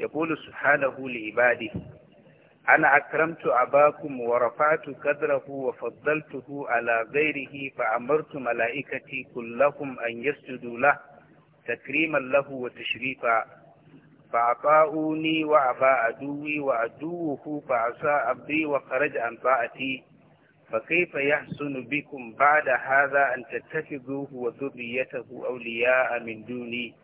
يقول سبحانه لعباده أنا أكرمت أباكم ورفعت قدره وفضلته على غيره فأمرت ملائكتي كلهم أن يسجدوا له تكريما له وتشريفا فأطاعوني وأبى عدوي وعدوه فعصى أبي وخرج عن طاعتي فكيف يحسن بكم بعد هذا أن تتخذوه وذريته أولياء من دوني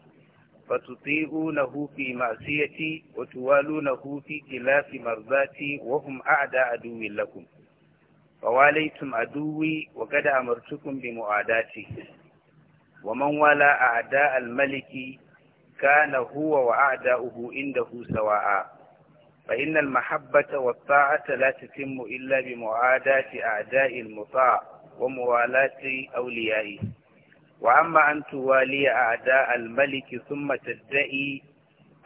فتطيعونه في معصيتي وتوالونه في خلاف مرضاتي وهم أعدى عدو لكم فواليتم عدوي وقد أمرتكم بمعاداتي ومن والى أعداء الملك كان هو وأعداؤه عنده سواء فإن المحبة والطاعة لا تتم إلا بمعاداة أعداء المطاع وموالاة أوليائه وأما أن توالي أعداء الملك ثم تدعي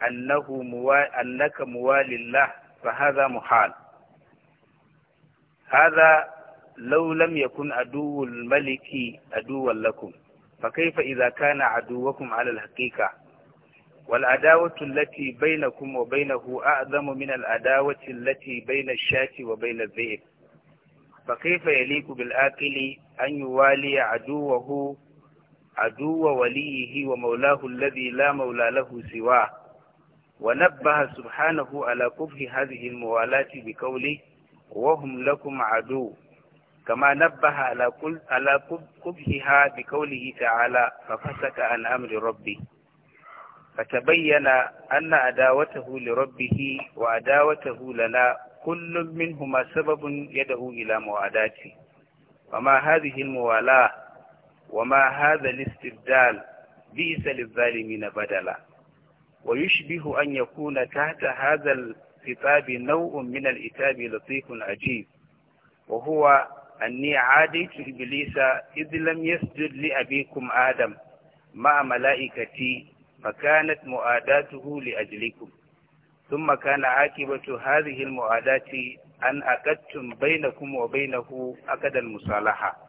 أنه موال أنك موالي الله فهذا محال هذا لو لم يكن عدو الملك عدوا لكم فكيف إذا كان عدوكم على الحقيقة والعداوة التي بينكم وبينه أعظم من العداوة التي بين الشاة وبين الذئب فكيف يليق بالآكل أن يوالي عدوه عدو وليه ومولاه الذي لا مولى له سواه ونبه سبحانه على كفه هذه الموالاة بقوله وهم لكم عدو كما نبه على كل على كفهها بقوله تعالى ففسك عن أمر ربه فتبين أن عداوته لربه وعداوته لنا كل منهما سبب يده إلى موعداته وما هذه الموالاة وما هذا الاستبدال بئس للظالمين بدلا ويشبه أن يكون تحت هذا الخطاب نوع من الإتاب لطيف عجيب وهو أني عاديت إبليس إذ لم يسجد لأبيكم آدم مع ملائكتي فكانت مؤاداته لأجلكم ثم كان عاقبة هذه المؤادات أن أكدتم بينكم وبينه أكد المصالحة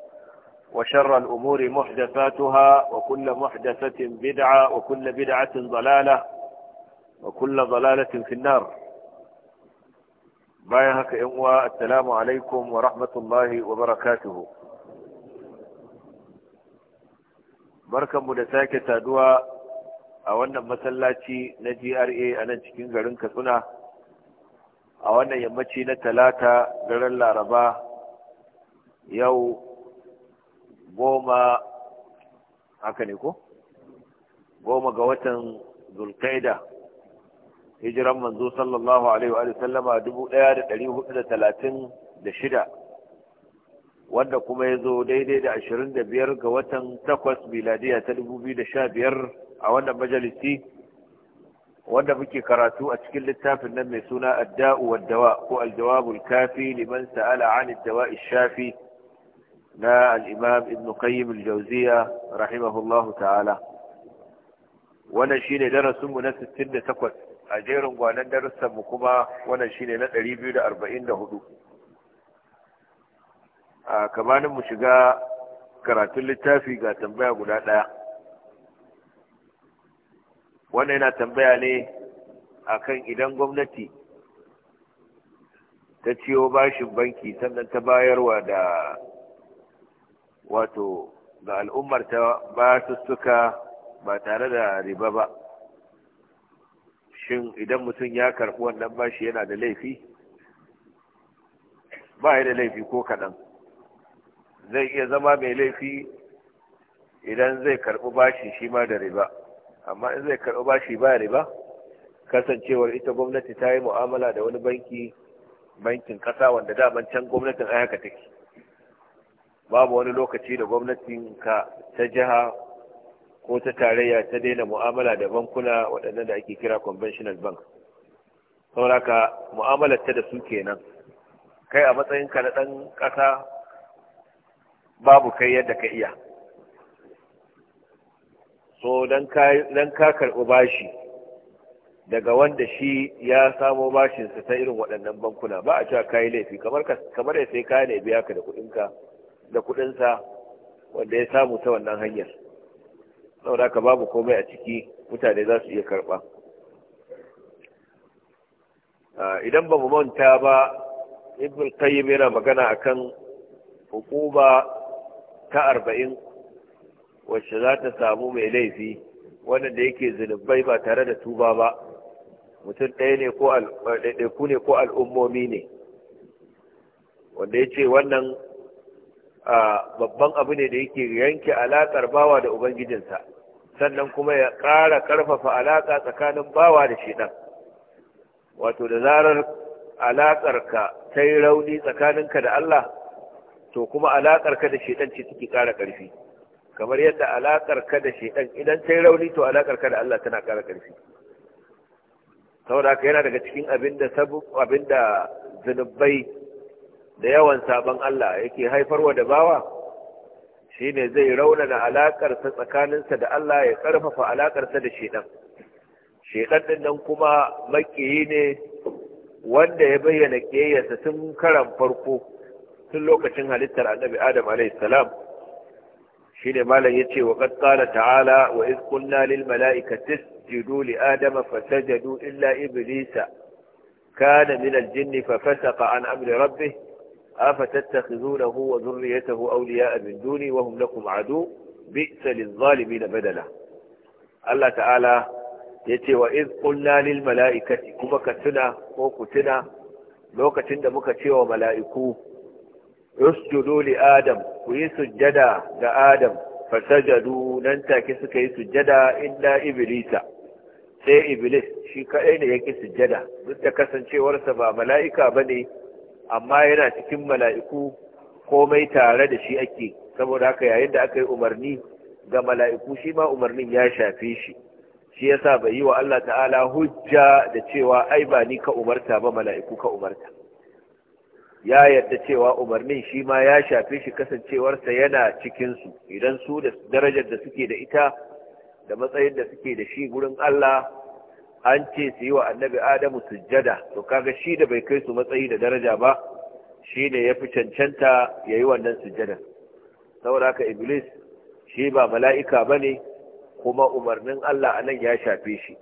وشر الأمور محدثاتها وكل محدثة بدعة وكل بدعة ضلالة وكل ضلالة في النار بايهك إموى السلام عليكم ورحمة الله وبركاته بركة مدساكة دواء أولا مسلاتي نجي أرئي أنا جكين غرنك سنة أولا يمتي نتلاتة غرن لاربا يو goma haka ne ko goma ga watan zulkaida hijiran manzo sallallahu alaihi wa sallama dubu ɗaya da ɗari hudu da talatin da shida wanda kuma ya zo daidai da ashirin da biyar ga watan takwas biladiya ta dubu biyu da sha biyar a wannan majalisi wanda muke karatu a cikin littafin nan mai suna adda'u wa ko aljawabul kafi liman sa'ala an dawa shafi na al'imam ibn qayyim al-jauziya rahimahullahu ta'ala wannan shine darasinmu na 68 a jerin gwanan darussanmu kuma wannan shine na 244 a kamanin mu shiga karatun littafi ga tambaya guda ɗaya wannan yana tambaya ne akan idan gwamnati ta ciyo bashin banki sannan ta bayarwa da wato ga al'ummar ta ba suka ba tare da riba ba shin idan mutum ya karɓi wannan bashi yana da laifi ba ya da laifi ko kaɗan zai iya zama mai laifi idan zai karɓi bashi shi ma da riba amma in zai karɓi bashi ba riba kasancewar ita gwamnati ta yi mu'amala da wani banki bankin ƙasa wanda daman can gwamnatin ayaka take babu wani lokaci da gwamnatinka ta jiha ko ta tarayya ta daina mu'amala da bankuna waɗannan da ake kira conventional bank ka mu'amalar ta da su kenan kai a matsayinka na ɗan ƙasa babu kai yadda ka iya so don ka karɓi bashi daga wanda shi ya samo bashinsa ta irin waɗannan bankuna ba a cewa kayi laifi kamar ya sai kaya ne biya ka da kuɗinka da kuɗinsa wanda ya samu ta wannan hanyar saboda ka babu komai a ciki mutane za su iya karɓa idan ba mu manta ba ibn qayyim yana magana akan hukuma ta arba'in wacce za ta samu mai laifi wanda yake zunubai ba tare da tuba ba mutum ɗaya ne ko ɗaiɗaiku ne ko al'ummomi ne wanda ya ce wannan A babban abu ne da yake yanke alaƙar bawa da ubangijinsa sannan kuma ya ƙara ƙarfafa alaƙa tsakanin bawa da shi wato da zarar alaƙarka ta yi rauni tsakaninka da Allah to kuma alaƙarka da shaidan ce take ƙara ƙarfi kamar yadda alaƙarka da shaidan idan ta yi rauni to alaƙarka da Allah tana ƙara ƙarfi saboda haka yana daga cikin abin da abin da zunubai da yawan sabon Allah yake haifarwa da bawa ne zai raunana alakarsa tsakaninsa da Allah ya karfafa alakarsa da shedan shedan din nan kuma makiyi ne wanda ya bayyana ƙiyayyarsa tun karan farko tun lokacin halittar annabi Adam alayhi salam shine malam yace wa qad ta'ala wa iz lil li adama fasajadu illa iblisa kana min jinni fa fasaqa an amri rabbih أفتتخذونه وذريته أولياء من دوني وهم لكم عدو بئس للظالمين بدلا الله تعالى yace wa iz qulna mala'ikati kuma ka tuna ko ku tuna lokacin da muka ce wa mala'iku usjudu li adam ku yi sujjada ga adam fasajadu nan take suka yi sujjada illa iblisa sai iblis shi kadai ne yake sujjada duk da kasancewarsa ba mala'ika bane amma yana cikin mala'iku komai tare da shi ake saboda haka yayin da aka yi umarni ga mala'iku shi ma umarnin ya shafe shi shi yasa bai yi wa Allah ta'ala hujja da cewa ai ba ni ka umarta ba mala'iku ka umarta ya yadda cewa umarnin shi ma ya shafe shi kasancewarsa yana cikinsu idan su da darajar da suke da ita da matsayin da suke da shi gurin Allah an ce su yi wa annabi adamu sujjada to kaga shi da bai kai su matsayi da daraja ba shi ne ya fi cancanta ya yi wannan sujjada saboda haka iblis shi ba mala'ika ba ne kuma umarnin allah anan ya shafe shi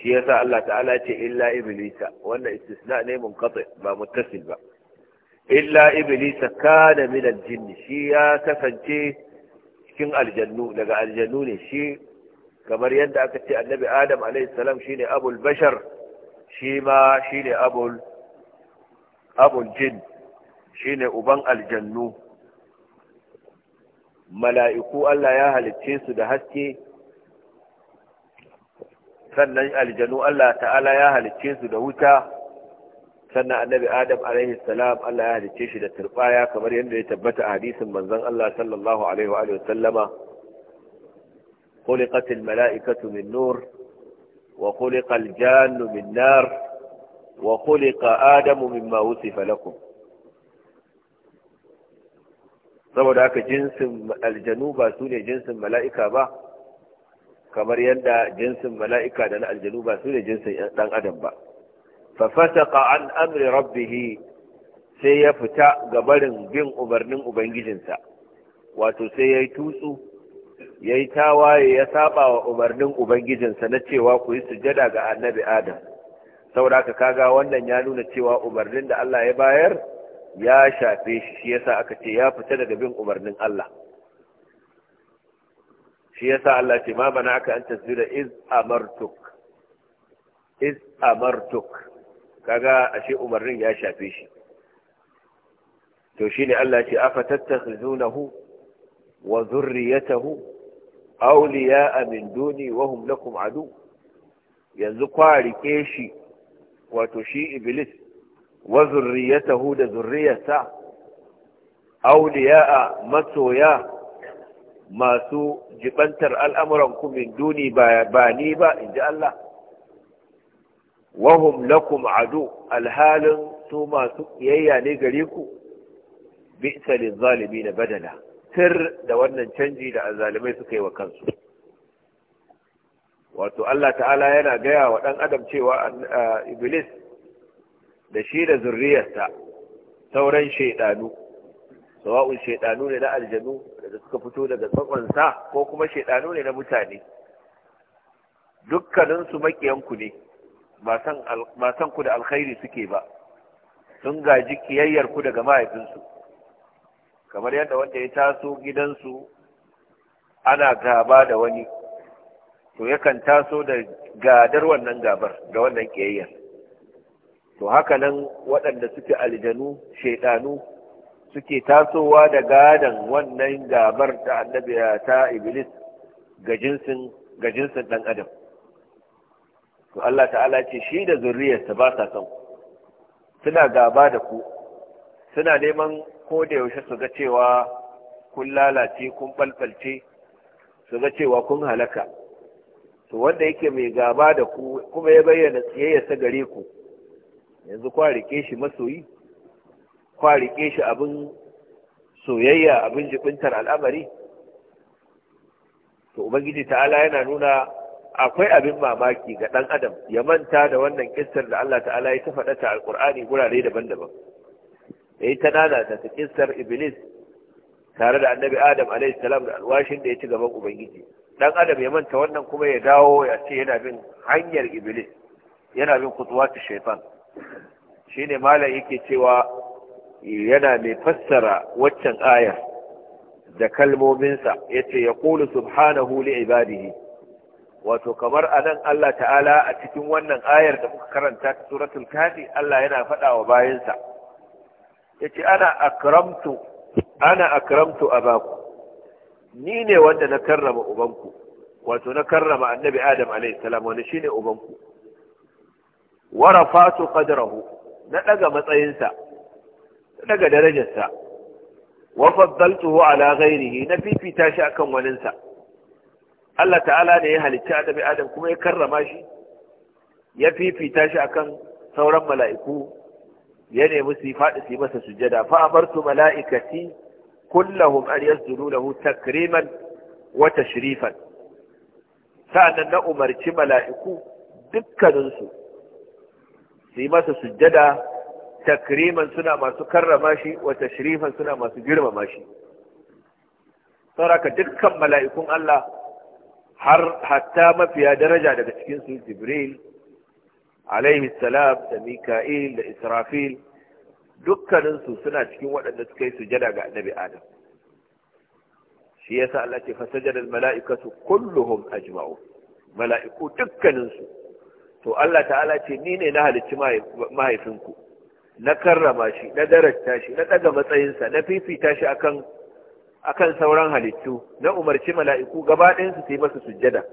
shi ya sa allah ta'ala ce illa iblisa wannan istisna ne mun ba mutasil ba illa iblisa kana min jinni shi ya kasance cikin aljannu daga aljannu ne shi kamar yadda aka ce annabi adam alaihissalam shi ne abul bashar shi ma shi ne abul jin shi ne uban aljannu mala'iku Allah ya halicce su da haske sannan aljanu Allah ta'ala ya halicce su da wuta sannan annabi adam alaihi Allah ya halicce shi da turbaya kamar yadda ya tabbata a hadisin manzon Allah sallallahu alaihi wa sallama خلقت الملائكة من نور وخلق الجان من نار وخلق آدم مما وصف لكم saboda haka jinsin aljanu ba su ne jinsin mala'ika ba kamar yadda jinsin mala'ika da na aljanu ba su ne jinsin ɗan adam ba fafasaka an amri rabbihi sai ya fita ga bin umarnin ubangijinsa wato sai ya yi tutsu ya yi tawaye ya saba wa umarnin ubangijinsa na cewa ku yi sujada ga annabi adam saboda haka kaga wannan ya nuna cewa umarnin da Allah ya bayar ya shafe shi shi yasa aka ce ya fita daga bin umarnin Allah shi yasa Allah ce ma bana aka an tasbira iz amartuk iz amartuk kaga ashe umarnin ya shafe shi to shine Allah ce afa tattakhizunahu wa zurriyatahu awliya'a min duni wa hum lakum adu yanzu kwarike shi wato shi iblis wa zurriyatahu da zurriyarsa a masoya masu jibantar al'amuranku ku min duni ba ni ba in ji Allah wahum lakum adu alhalin su masu yayya ne gare ku bi'sa lil zalimin badala tir da wannan canji da azalimai suka yi wa kansu wato Allah ta'ala yana gaya wa ɗan adam cewa ah, iblis da shi da zurriyarsa sauran shaidanu sawa'un shaidanu ne na aljanu da suka fito daga tsakonsa ko kuma shaidanu ne na mutane dukkaninsu makiyanku ne ba san ku da alkhairi suke ba sun gaji kiyayyarku daga mahaifinsu kamar yadda wanda ya taso gidansu ana gaba da wani to yakan taso da gadar wannan gabar ga wannan ƙiyayyar to haka nan waɗanda suke aljanu shaiɗanu suke tasowa da gadan wannan gabar ta annabi ta iblis ga jinsin ga jinsin dan adam to Allah ta'ala ce shi da zuriyarsa ba sa son suna gaba da ku suna neman ko da yaushe su ga cewa kun lalace kun balbalce su ga cewa kun halaka to wanda yake mai gaba da ku kuma ya bayyana tsiyayyarsa gare ku yanzu kwa rike shi masoyi kwa shi abin soyayya abin jibintar al'amari to ubangiji ta'ala yana nuna akwai abin mamaki ga dan adam ya manta da wannan kistar da Allah ta'ala ya ta faɗa ta alƙur'ani gurare daban-daban yayi ta nanata ta kissar iblis tare da annabi adam alaihi salam da alwashin da ya ci gaban ubangiji dan adam ya manta wannan kuma ya dawo ya ce yana bin hanyar iblis yana bin kutuwatu Shi shine malam yake cewa yana mai fassara waccan ayar da kalmominsa yace ya kulu subhanahu li ibadihi wato kamar anan Allah ta'ala a cikin wannan ayar da muka karanta ta suratul kafi Allah yana faɗa wa bayansa yace ana akramtu ana akramtu abaku ni ne wanda na karrama ubanku wato na karrama annabi adam alaihi salam wani shine ubanku wa rafatu qadrahu na daga matsayinsa na daga darajarsa wa faddaltuhu ala ghairihi na fifita shi akan waninsa Allah ta'ala ne ya halicci annabi adam kuma ya karrama shi ya fifita shi akan sauran mala'iku ya nemi su yi faɗi su yi masa sujjada fa su mala'ikati kullahum an yasjudu lahu takriman wata shirifan. sa'annan na umarci mala'iku dukkaninsu su yi masa sujjada takriman suna masu karrama shi wata shirifan suna masu girmama shi sauraka dukkan mala'ikun Allah har hatta mafiya daraja daga cikinsu jibril alaihi salam da mika'il da israfil dukkaninsu suna cikin waɗanda suka yi sujada ga annabi adam shi yasa Allah ce fasajada mala'ikatu kulluhum ajma'u mala'iku dukkaninsu to Allah ta'ala ce ni ne na halicci mahaifinku na karrama shi na darajta shi na daga matsayinsa na fifita shi akan sauran halittu na umarci mala'iku gaba ɗayansu su yi masa sujada.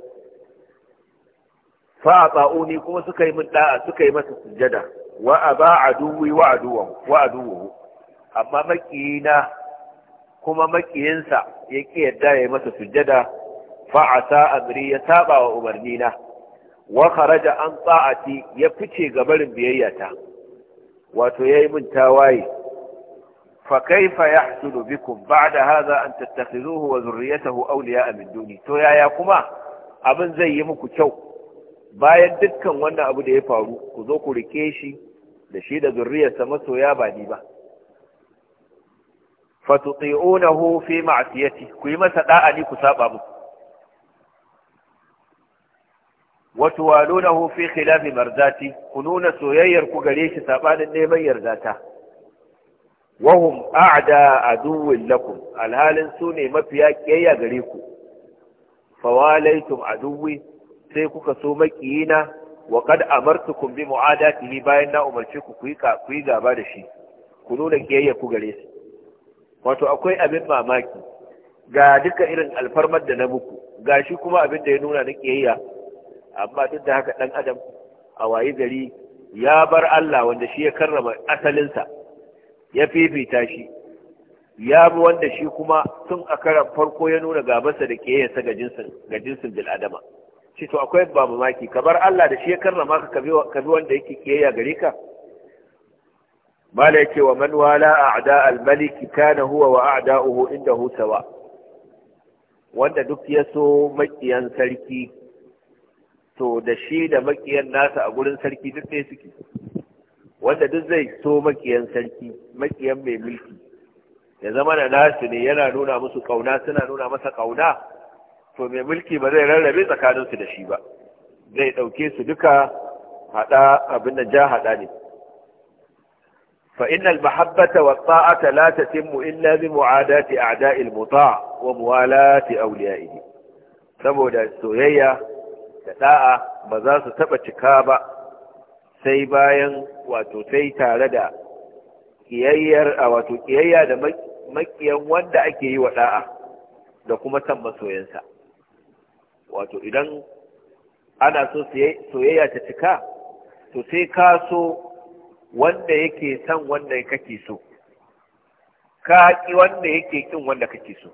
fa ata'uni kuma suka yi min da'a suka yi masa sujjada wa aba aduwi wa aduwahu wa aduwahu amma makiyina kuma makiyinsa ya ki yadda ya yi masa sujjada fa asa amri ya saba wa umarnina wa kharaja an ta'ati ya fice ga barin biyayya ta. wato yayi min tawaye fa kaifa yahsulu bikum ba'da hadha an tattakhiduhu wa zurriyatahu awliya'a min duni to yaya kuma abin zai yi muku kyau bayan dukkan wannan abu da ya faru ku zo ku rike shi da shi da zurriyarsa masoya ba ni ba tuti'unahu fi ma'siyati ku yi masa da'a ni ku saba mu wa tuwalunahu fi khilafi marzati ku nuna soyayyar ku gare shi sabanin neman yardata wahum a'da aduwwin lakum alhalin su ne mafiya kiyayya gare ku fawalaitum aduwwi sai kuka so makiyina wa kad amartukum bi mu'adatihi bayan na umarce ku kuyi ku yi gaba da shi ku nuna kiyayya ku gare su wato akwai abin mamaki ga duka irin alfarmar da na muku gashi kuma abin da ya nuna na kiyayya amma duk da haka dan adam a waye gari ya bar Allah wanda shi ya karrama asalinsa ya fifita shi ya bi wanda shi kuma tun a karan farko ya nuna gabansa da ke sa ga jinsin bil'adama ce to akwai ba mamaki kamar Allah da shi ya karrama ka ka bi wanda yake kiyayya gare ka mala yake wa man wala a'da al maliki kana huwa wa a'da'uhu indahu sawa wanda duk ya so makiyan sarki to da shi da makiyan nasa a gurin sarki duk ne suke wanda duk zai so makiyan sarki makiyan mai mulki ya zama da nasu ne yana nuna musu kauna suna nuna masa kauna to mai mulki ba zai rarrabe tsakaninsu da shi ba zai ɗauke su duka haɗa abin da ja haɗa a فإن المحبة والطاعة لا تتم إلا بمعاداة أعداء المطاع وموالاة أوليائه saboda soyayya da ɗa'a ba za su taɓa cika ba sai bayan wato sai tare da kiyayyar a wato kiyayya da makiyan wanda ake yi wa ɗa'a da kuma san masoyansa wato idan ana so soyayya ta cika to sai ka so wanda yake son wanda kake so ka ki wanda yake kin wanda kake so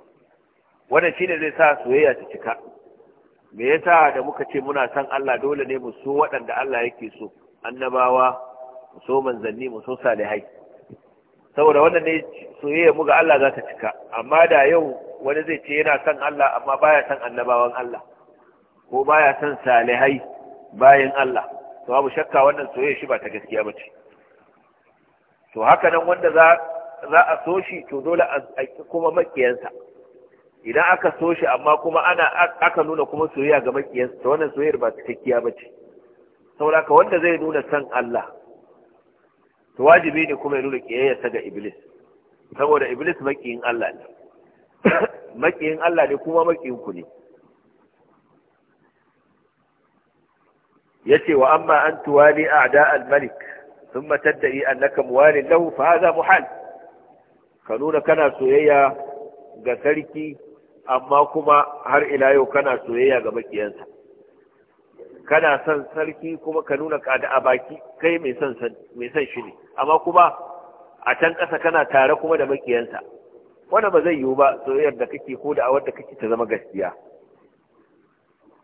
wannan shine zai sa soyayya ta cika me yasa da muka ce muna son Allah dole ne mu so waɗanda Allah yake so annabawa mu so manzanni mu so salihai saboda wannan ne soyayya mu ga Allah za ta cika amma da yau wani zai ce yana son Allah amma baya son annabawan Allah ko baya son salihai bayan Allah to babu shakka wannan soyayya shi ba ta gaskiya ba ce to haka nan wanda za za a so shi to dole a kuma makiyansa idan aka so shi amma kuma ana aka nuna kuma soyayya ga makiyansa to wannan soyayyar ba ta gaskiya ba ce saboda wanda zai nuna san Allah to wajibi ne kuma ya nuna kiyayyarsa ga iblis saboda iblis makiyin Allah ne makiyin Allah ne kuma makiyin ku ne yace wa amma an tuwali a'da al-malik thumma tad'i annaka muwalin lahu fa hadha muhal ka nuna kana soyayya ga sarki amma kuma har ila yau kana soyayya ga makiyansa kana son sarki kuma ka nuna ka da abaki, kai mai son mai son shi ne amma kuma a can ƙasa kana tare kuma da makiyansa wanda ba zai yiwu ba soyayyar da kake ko da awar da kake ta zama gaskiya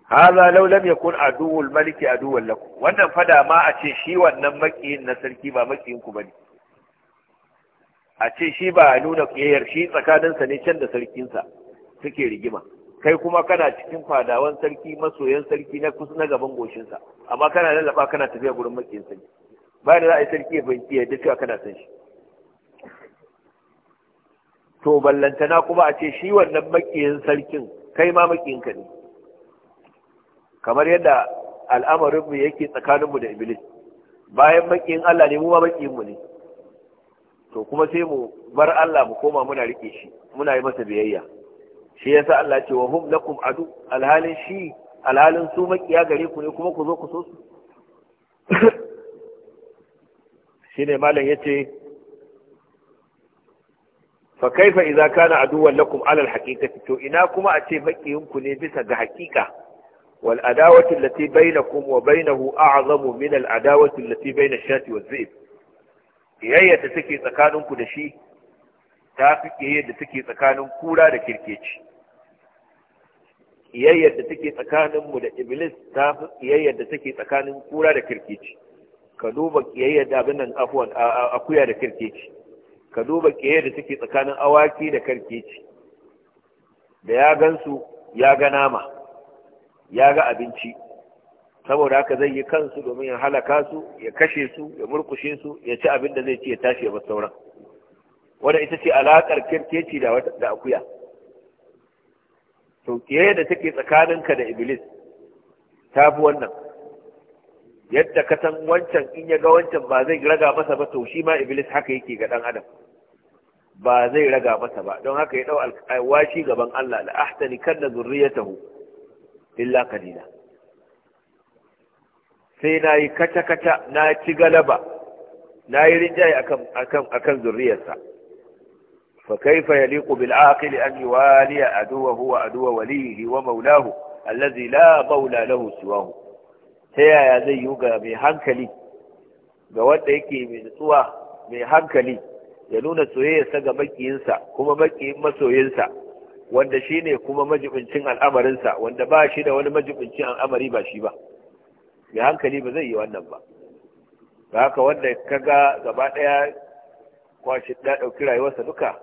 haza law lam yakun aduwul maliki aduwul lakum wannan fada ma a ce shi wannan makiyin na sarki ba makiyin ku bane a ce shi ba a nuna kiyayar shi tsakaninsa ne can da sarkinsa suke rigima kai kuma kana cikin fadawan sarki masoyan sarki na kusa na gaban goshinsa amma kana lallaba kana tafiya gurin makiyin sarki ba da za a yi sarki ya fahimci ya duka kana san shi to ballantana kuma a ce shi wannan makiyin sarkin kai ma makiyin ka ne kamar yadda al'amarinmu yake tsakaninmu da iblis bayan makin Allah ne mu ma mu ne to kuma sai mu bar Allah mu koma muna rike shi muna yi masa biyayya shi yasa Allah ce wa hum lakum adu alhalin shi alhalin su makiya gare ku ne kuma ku zo ku so su shine malam yace fa kaifa idza kana aduwwan lakum ala alhaqiqati to ina kuma a ce makiyinku ne bisa ga haqiqa والأداوة التي بينكم وبينه wa من a'zamu التي بين الشاة والزئب bain تسكي تكانون كدشي تافك kiyayya da تكانون tsakanin da shi da take tsakanin kura da kirkeci da mu da iblis ta fi da take tsakanin kura da kirkeci ka duba da abin nan afwan akuya da kirkeci ka duba da take tsakanin awaki da kirkeci da ya gansu ya ga nama ya ga abinci saboda haka zai yi kansu domin ya halaka su ya kashe su ya murkushe su ya ci abin da zai ci ya tashi ya bar sauran wanda ita ce alaƙar kirkeci da akuya to kiyaye da take tsakaninka da iblis ta fi wannan yadda ka san wancan in ya ga wancan ba zai raga masa ba to shi ma iblis haka yake ga dan adam ba zai raga masa ba don haka ya dau alwashi gaban Allah la ahtani ya zurriyatahu illa kalila sai na yi kata-kata na ci galaba na yi rinjaye akan zurriyarsa fa kaifa yaliqu bil aqil an yuwaliya aduwahu a aduwa walihi wa maulahu allazi la maula lahu siwahu ta yaya zai yi ga mai hankali ga wanda yake mai nutsuwa mai hankali ya nuna soyayyarsa ga makiyinsa kuma makiyin masoyinsa wanda shi ne kuma majibincin al'amarinsa wanda ba shi da wani majibincin al'amari ba shi ba mai hankali ba zai yi wannan ba ba haka wanda ka ga gaba ɗaya kwashe da ɗauki rayuwarsa duka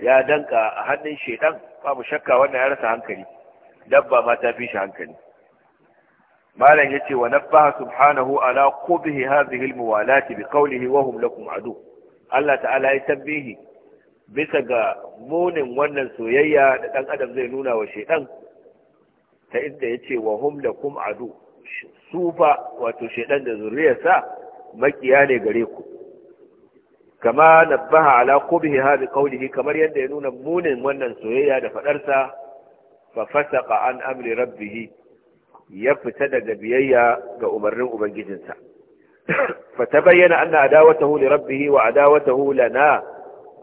ya danka a hannun shaidan babu shakka wannan ya rasa hankali dabba ma ta fi shi hankali malam ya ce wa nabaha subhanahu ala qubhi hadhihi almuwalati biqawlihi wa hum lakum adu Allah ta'ala ya tabbihi bisa ga munin wannan soyayya da ɗan adam zai nuna wa shaidan ta inda ya ce wa hum kuma adu su fa wato shaidan da zuriyarsa makiya ne gare ku kama na baha ala qubhi hadi qawlihi kamar yadda ya nuna munin wannan soyayya da faɗarsa, fa fasaqa an amri rabbihi ya fita daga biyayya ga umarnin ubangijinsa fa tabayyana anna adawatahu li rabbihi wa adawatahu lana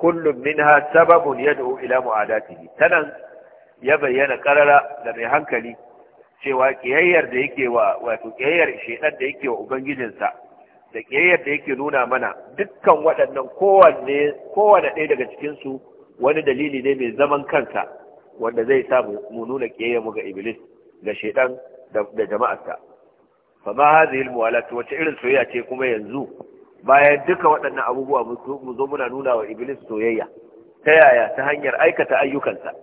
kullum minha sababun yad'u ila mu'adatihi tanan ya bayyana karara da mai hankali cewa kiyayyar da yake wa wato kiyayyar shedan da yake wa ubangijinsa da kiyayyar da yake nuna mana dukkan waɗannan kowanne kowanne ɗaya daga cikin su wani dalili ne mai zaman kansa wanda zai sa mu nuna kiyayyar mu ga iblis ga shedan da jama'arsa fa ma hadhihi almuwalat wa irin soyayya ce kuma yanzu bayan duka waɗannan abubuwa mu zo muna nuna wa iblis soyayya ta yaya ta hanyar aikata ayyukansa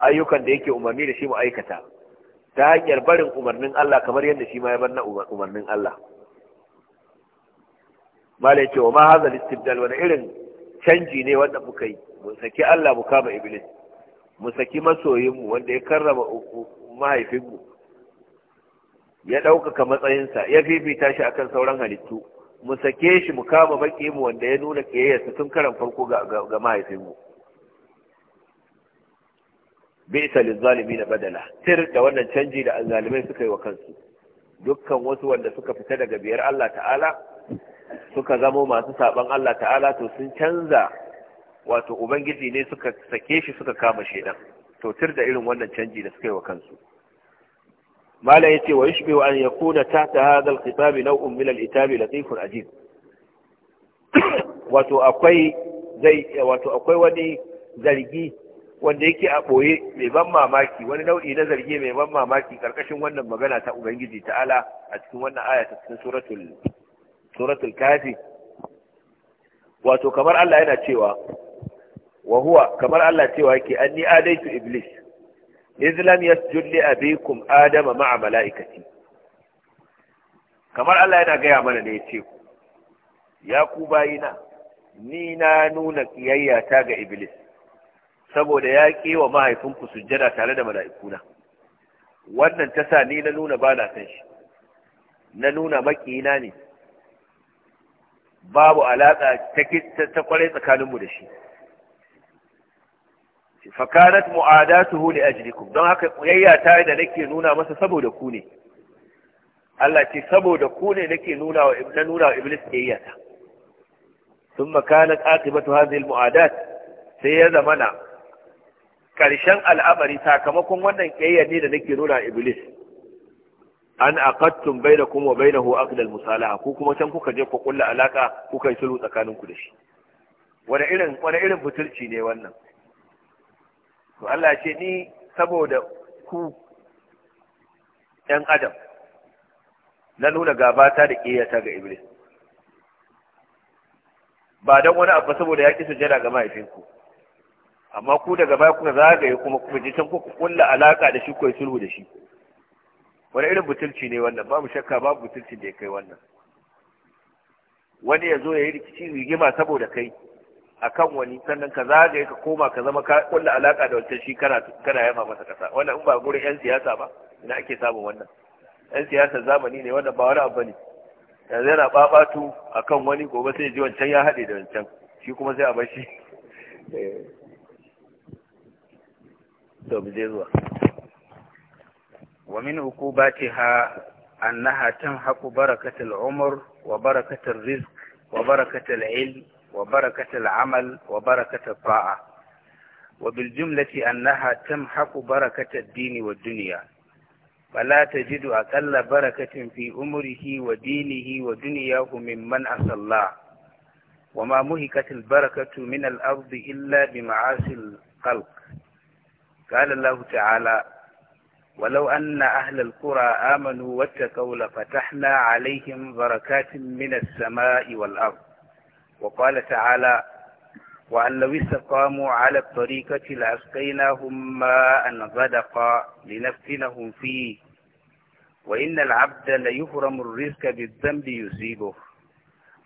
ayyukan da yake umarni da shi mu aikata ta hanyar barin umarnin Allah kamar yadda shi ma ya bar na umarnin Allah malai ce wa ma haza wani irin canji ne wanda muka yi mu saki Allah mu kama iblis mu saki masoyinmu wanda ya karrama mahaifinmu ya ɗaukaka matsayinsa ya fifita shi akan sauran halittu mu sake shi mu kama baki mu wanda ya nuna kiyayyarsa tun karan farko ga mahaifinmu bisa lizalimi na badala tir da wannan canji da zalimai suka yi wa kansu dukkan wasu wanda suka fita daga biyar Allah ta'ala suka zamo masu saban Allah ta'ala to sun canza wato ubangiji ne suka sake shi suka kama shedan to tir da irin wannan canji da suka yi wa kansu mala yace wa yushbihu an yakuna tahta ta al-khitab naw'un milal al da latifun ajib wato akwai zai wato akwai wani zargi wanda yake a ɓoye mai ban mamaki wani nau'i na zargi mai ban mamaki karkashin wannan magana ta ubangiji ta'ala a cikin wannan aya ta cikin suratul suratul kafi wato kamar Allah yana cewa wa huwa kamar Allah cewa yake anni adaitu iblis islam yasjud li abikum adama ma'a mala'ikati kamar Allah yana gaya mana ne yace ya ku bayina ni na nuna kiyayya ga iblis saboda ya kewa mahaifinku sujjada tare da mala'ikuna wannan ta sa ni na nuna ba na shi na nuna makiyina ne babu alaƙa ta kwarai tsakaninmu da shi fakanat mu'adatuhu li ajlikum don haka kuyayya ta da nake nuna masa saboda ku ne Allah ce saboda ku ne nake nuna wa ibn nuna wa iblis kuyayya ta thumma kanat aqibatu hadhihi al mu'adat sai ya zamana karshen al'amari sakamakon wannan kuyayya ne da nake nuna wa iblis an aqadtum bainakum wa bainahu aqd al musalaha ku kuma can kuka je ku kulla alaka kuka yi sulhu tsakaninku da shi wani irin wani irin butulci ne wannan to Allah ce ni saboda ku ‘yan adam na nuna gabata da ƙiyata ga Iblis ba don wani abu saboda ya ƙi sujada ga mahaifinku amma ku daga baya kuka zagaye kuma kuma ji can kuka kulla alaka da shi ko sulhu da shi wani irin butulci ne wannan babu shakka babu butulci da ya kai wannan wani ya zo ya yi rikici rigima saboda kai akan wani sannan ka zagaye ka koma ka zama ka kulla alaka da wancan shi kana kana yaba masa kasa wannan in ba gurin yan siyasa ba ina ake samun wannan yan siyasa zamani ne wannan ba wani abu ne yanzu yana babatu akan wani gobe sai ji wancan ya hade da wancan shi kuma sai a bar shi eh. to mu je zuwa wa min uqubatiha annaha tanhaqu barakatul umr wa barakatul rizq wa barakatul ilm وبركة العمل وبركة الطاعة وبالجملة أنها تمحق بركة الدين والدنيا فلا تجد أقل بركة في أمره ودينه ودنياه ممن عصى الله وما مهكت البركة من الأرض إلا بمعاصي الخلق قال الله تعالى ولو أن أهل القرى آمنوا واتقوا لفتحنا عليهم بركات من السماء والأرض وقال تعالى وأن لو استقاموا على الطريقة لأسقيناهم ماء غدقا لنفتنهم فيه وإن العبد ليهرم الرزق بالذنب يصيبه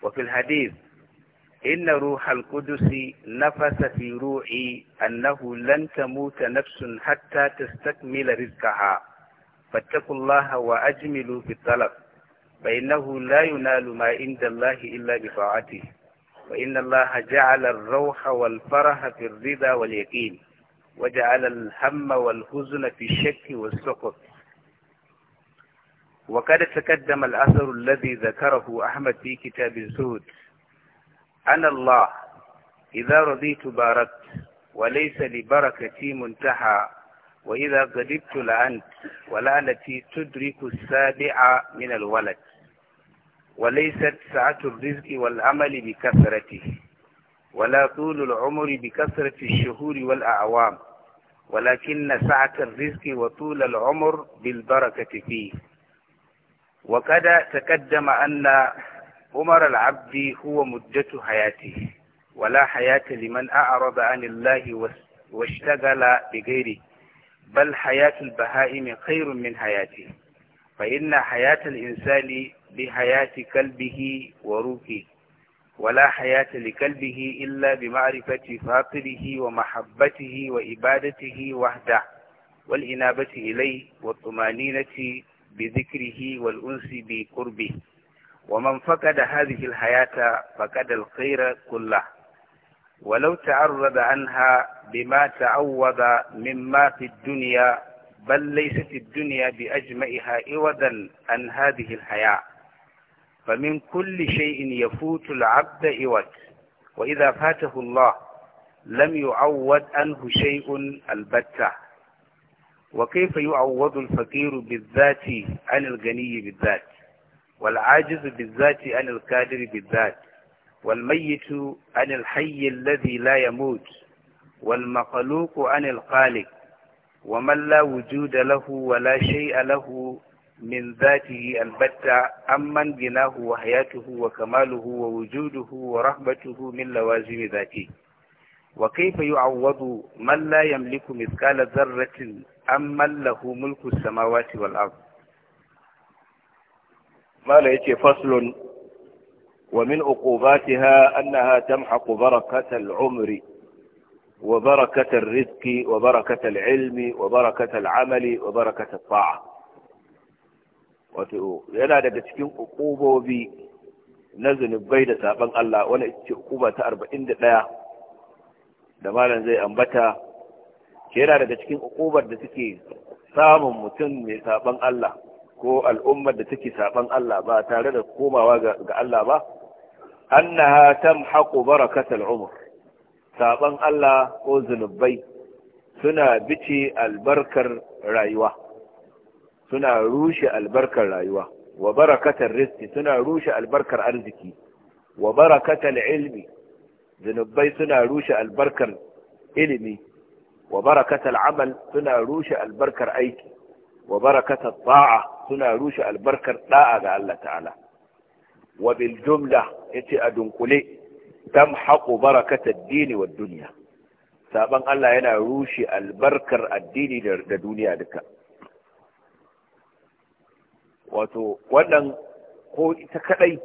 وفي الحديث إن روح القدس نفس في روحي أنه لن تموت نفس حتى تستكمل رزقها فاتقوا الله وأجملوا في الطلب فإنه لا ينال ما عند الله إلا بطاعته وإن الله جعل الروح والفرح في الرضا واليقين وجعل الهم والحزن في الشك والسقط وقد تقدم الأثر الذي ذكره أحمد في كتاب الزهد أنا الله إذا رضيت باركت وليس لبركتي منتهى وإذا غضبت لعنت ولعنتي تدرك السابع من الولد وليست سعة الرزق والعمل بكثرته ولا طول العمر بكثرة الشهور والأعوام ولكن سعة الرزق وطول العمر بالبركة فيه وكذا تقدم أن عمر العبد هو مدة حياته ولا حياة لمن أعرض عن الله واشتغل بغيره بل حياة البهائم خير من حياته فإن حياة الإنسان لحياة كلبه وروحه ولا حياة لكلبه إلا بمعرفة فاطره ومحبته وإبادته وحده والإنابة إليه والطمانينة بذكره والأنس بقربه ومن فقد هذه الحياة فقد الخير كله ولو تعرض عنها بما تعوض مما في الدنيا بل ليست الدنيا بأجمعها عوضا عن هذه الحياة فمن كل شيء يفوت العبد إوت وإذا فاته الله لم يعوض عنه شيء البتة وكيف يعوض الفقير بالذات عن الغني بالذات والعاجز بالذات عن القادر بالذات والميت عن الحي الذي لا يموت والمخلوق عن الخالق ومن لا وجود له ولا شيء له من ذاته البتة أمن جناه وحياته وكماله ووجوده ورحمته من لوازم ذاته وكيف يعوض من لا يملك مثقال ذرة أمن له ملك السماوات والأرض ما يتي فصل ومن عقوباتها أنها تمحق بركة العمر وبركة الرزق وبركة العلم وبركة العمل وبركة الطاعة wato yana daga cikin ukubobi na zunubai da saban Allah wani ce ukuba ta arba'in da malam zai ambata ke yana daga cikin ukubar da suke samun mutum mai saban Allah ko al'ummar da take saban Allah ba tare da komawa ga Allah ba annaha tamhaqu barakatul umr saban Allah ko zunubai suna bice albarkar rayuwa suna rushe albarkar rayuwa wa barakatar rizki suna rushe albarkar arziki wa barakatar ilmi zunubai suna rushe albarkar ilimi wa barakatar amal suna rushe albarkar aiki wa barakatar ta'a suna rushe albarkar da'a ga Allah ta'ala wa bil jumla yace a dunkule tamhaqu barakatar dini wa duniya saban Allah yana rushe albarkar addini da duniya duka wato wannan ko ita kadai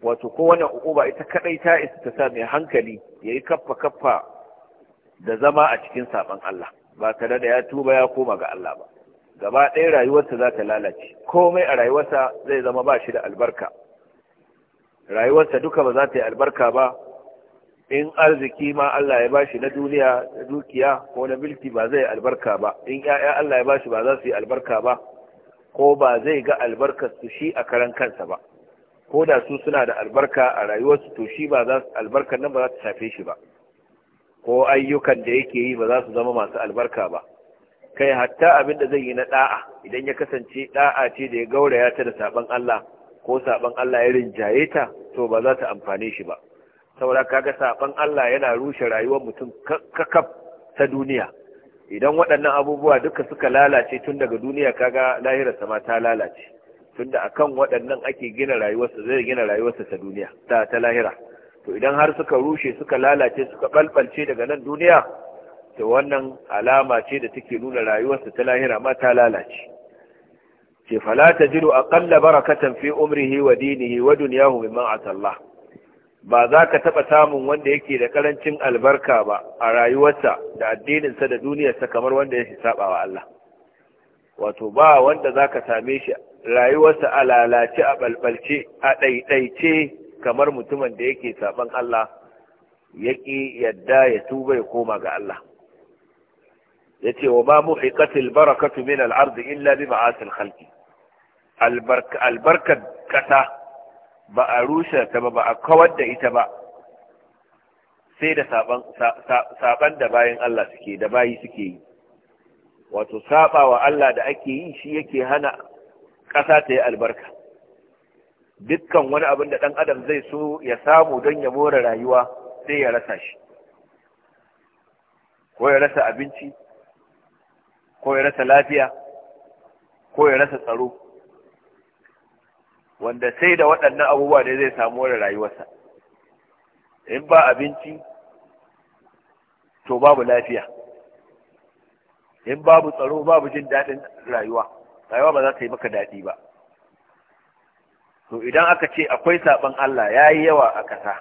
wato ko wannan uba ita kadai ta isa ta sa mai hankali yayi kaffa kaffa da zama a cikin saban Allah ba tare da ya tuba ya koma ga Allah ba gaba ɗaya rayuwarsa za ta lalace komai a rayuwarsa zai zama ba shi da albarka rayuwarsa duka ba za ta yi albarka ba in arziki ma Allah ya bashi na duniya da dukiya ko na milki ba zai albarka ba in 'ya'ya Allah ya bashi ba za su yi albarka ba ko ba zai ga albarkar su shi a karan kansa ba ko da su suna da albarka a rayuwarsu to shi ba za su albarkar nan ba za ta shafe shi ba ko ayyukan da yake yi ba za su zama masu albarka ba kai hatta abin da zai yi na da'a idan ya kasance da'a ce da ya gauraya ta da saban Allah ko saban Allah ya rinjaye ta to ba za ta amfane shi ba saboda kaga saban Allah yana rushe rayuwar mutum kakkaf ta duniya idan waɗannan abubuwa duka suka lalace tun daga duniya kaga lahirar sama ta lalace tunda akan waɗannan ake gina rayuwarsa zai gina rayuwarsa ta duniya ta ta lahira to idan har suka rushe suka lalace suka balbalce daga nan duniya to wannan alama ce da take nuna rayuwarsa ta lahira ma ta lalace ce fala tajidu aqalla barakatan fi umrihi wa dinihi wa dunyahu mimma atallah ba za ka taɓa samun wanda yake da ƙarancin albarka ba a rayuwarsa da addininsa da duniyarsa kamar wanda ya saba wa Allah wato ba wanda za ka same shi rayuwarsa a lalace a balbalce a ɗaiɗaice kamar mutumin da yake saban Allah ya ƙi yadda ya tuba ya koma ga Allah ya ce wa ma muhiqatil barakatu min al'arzi in illa bi ma'asin halki? albarkar ƙasa ba a rushe ta ba ba a kawar da ita ba sai da saban da bayan Allah suke da bayi suke yi wato saba wa Allah da ake yi shi yake hana ƙasa ta yi albarka dukkan wani abin da ɗan adam zai so ya samu don ya more rayuwa sai ya rasa shi ko ya rasa abinci ko ya rasa lafiya ko ya rasa tsaro wanda sai da waɗannan abubuwa ne zai samu wani rayuwarsa in ba abinci to babu lafiya in babu tsaro babu jin daɗin rayuwa rayuwa ba za ta yi maka daɗi ba to idan aka ce akwai saɓan Allah ya yi yawa a ƙasa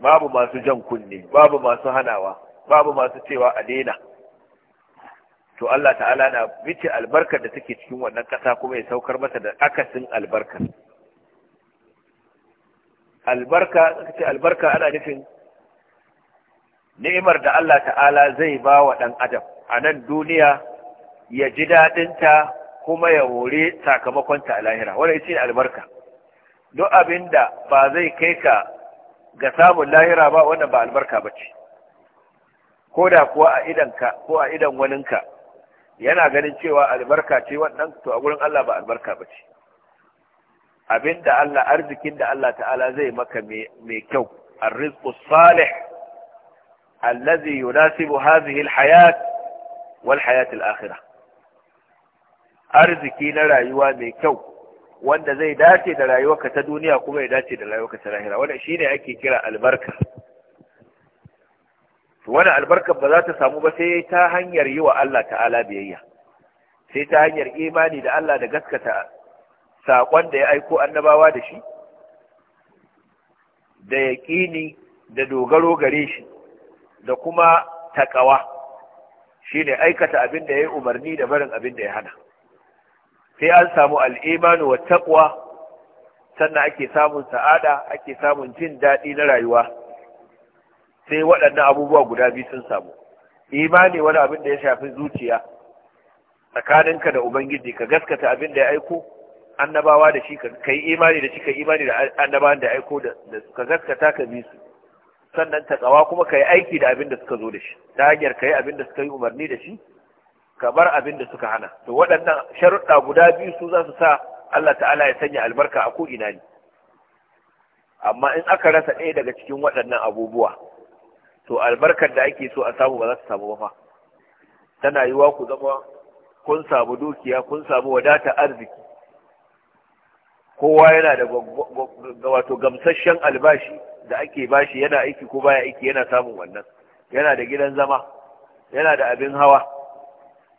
babu masu jan kunne babu masu hanawa babu masu cewa a daina to Allah ta'ala na bice albarkar da take cikin wannan ƙasa kuma ya saukar masa da akasin albarkar albarka suka ce albarka ana nufin ni'imar da Allah ta'ala zai ba wa ɗan adam a nan duniya ya ji daɗinta kuma ya hore sakamakonta a lahira wanda ce albarka duk abin da ba zai kai ka ga samun lahira ba wannan ba albarka ba ce ko da kuwa a idanka ko a idan waninka yana ganin cewa albarka ce wannan to a gurin Allah ba albarka ba ce abinda Allah arzikin da Allah ta'ala zai maka mai kyau arrizqu salih allazi yunasibu hadhihi alhayat wal hayat alakhirah arziki na rayuwa mai kyau wanda zai dace da rayuwarka ta duniya kuma ya dace da rayuwarka ta lahira wannan shine ake kira albarka to wannan albarka ba za ta samu ba sai ta hanyar yi wa Allah ta'ala biyayya sai ta hanyar imani da Allah da gaskata saƙon da ya aiko annabawa da shi da yaƙini da dogaro gare shi da kuma taƙawa shi ne aikata abin da ya yi umarni da barin abin da ya hana sai an samu al'imanu wa taƙwa sannan ake samun sa'ada ake samun jin daɗi na rayuwa sai waɗannan abubuwa guda biyu sun samu imani wani abin da ya shafi zuciya tsakaninka da ubangiji ka gaskata abin da ya aiko annabawa da shi ka yi imani da shi ka imani da annabawan da aiko da ka gaskata ka bi su sannan ta tsawa kuma ka yi aiki da abin da suka zo da shi ta hanyar ka yi abin da suka yi umarni da shi ka bar abin da suka hana to waɗannan sharuɗa guda biyu su za su sa Allah ta'ala ya sanya albarka a ko'ina ne amma in aka rasa ɗaya daga cikin waɗannan abubuwa to albarkar da ake so a samu ba za su samu ba fa tana yiwuwa ku zama kun samu dukiya kun samu wadata arziki kowa yana da wato gamsashen albashi da ake bashi yana aiki ko baya aiki yana samun wannan yana da gidan zama yana da abin hawa